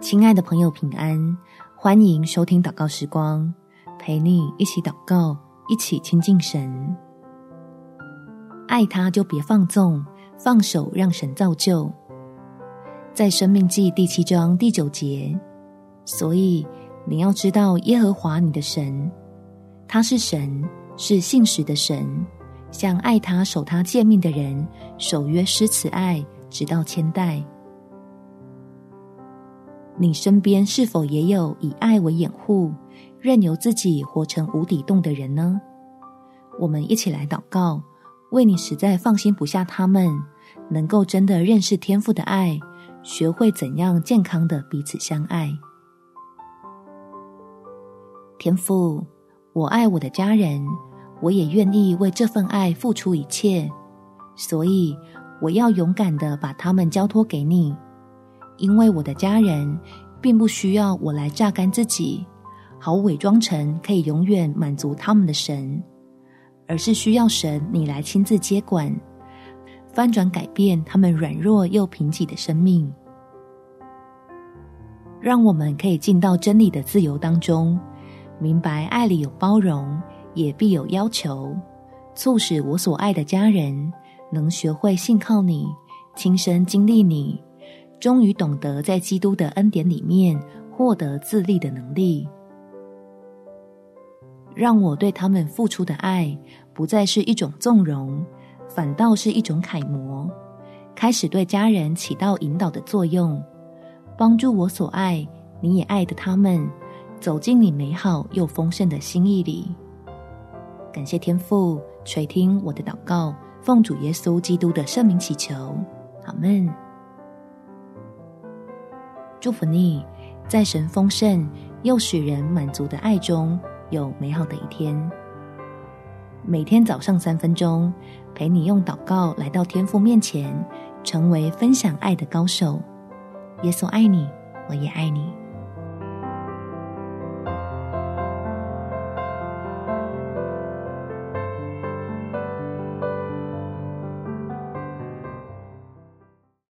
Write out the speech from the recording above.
親愛的朋友，平安！歡迎收聽禱告時光，陪你一起禱告，一起親近神。愛他，就別放縱，放手讓神造就。在《申命記》第七章第九節，所以你要知道耶和華你的神，他是神，是信實的神，向愛他、守他誡命的人，守約施慈愛，直到千代。你身邊是否也有以愛為掩護，任由自己活成無底洞的人呢？我們一起來禱告，為你實在放心不下他們，能夠真的認識天父的愛，學會怎樣健康的彼此相愛。天父，我愛我的家人，我也願意為這份愛付出一切，所以我要勇敢的把他們交托給你。因為我的家人並不需要我來榨乾自己，好偽裝成可以永遠滿足他們的神，而是需要神你來親自接管，翻轉改變他們軟弱又貧瘠的生命。讓我們可以進到真理的自由當中，明白愛裡有包容，也必有要求，促使我所愛的家人能學會信靠你，親身經歷你。終於懂得在基督的恩典裡面獲得自立的能力，讓我對他們付出的愛不再是一種縱容，反倒是一種楷模，開始對家人起到引導的作用，幫助我所愛你也愛的他們走進你美好又豐盛的心意裡。感謝天父垂聽我的禱告，奉主耶穌基督的聖名祈求，阿門。祝福你，在神豐盛又使人滿足的愛中有美好的一天。每天早上三分鐘，陪你用禱告來到天父面前，成為分享愛的高手。耶穌愛你，我也愛你。